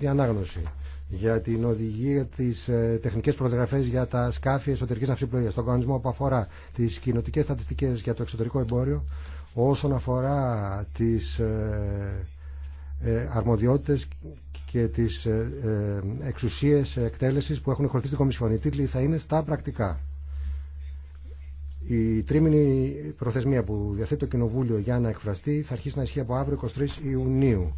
διανάγνωση για την οδηγία ε, τεχνικέ προδιαγραφέ για τα σκάφη εσωτερική ναυσιπλοεία, τον κανονισμό που αφορά τι κοινοτικέ στατιστικέ για το εξωτερικό εμπόριο, όσον αφορά τι ε, ε, αρμοδιότητε και τι ε, εξουσίε εκτέλεση που έχουν χωριστεί στην Κομισιόν. Οι τίτλοι θα είναι στα πρακτικά. Η τρίμηνη προθεσμία που διαθέτει το Κοινοβούλιο για να εκφραστεί θα αρχίσει να ισχύει από αύριο 23 Ιουνίου.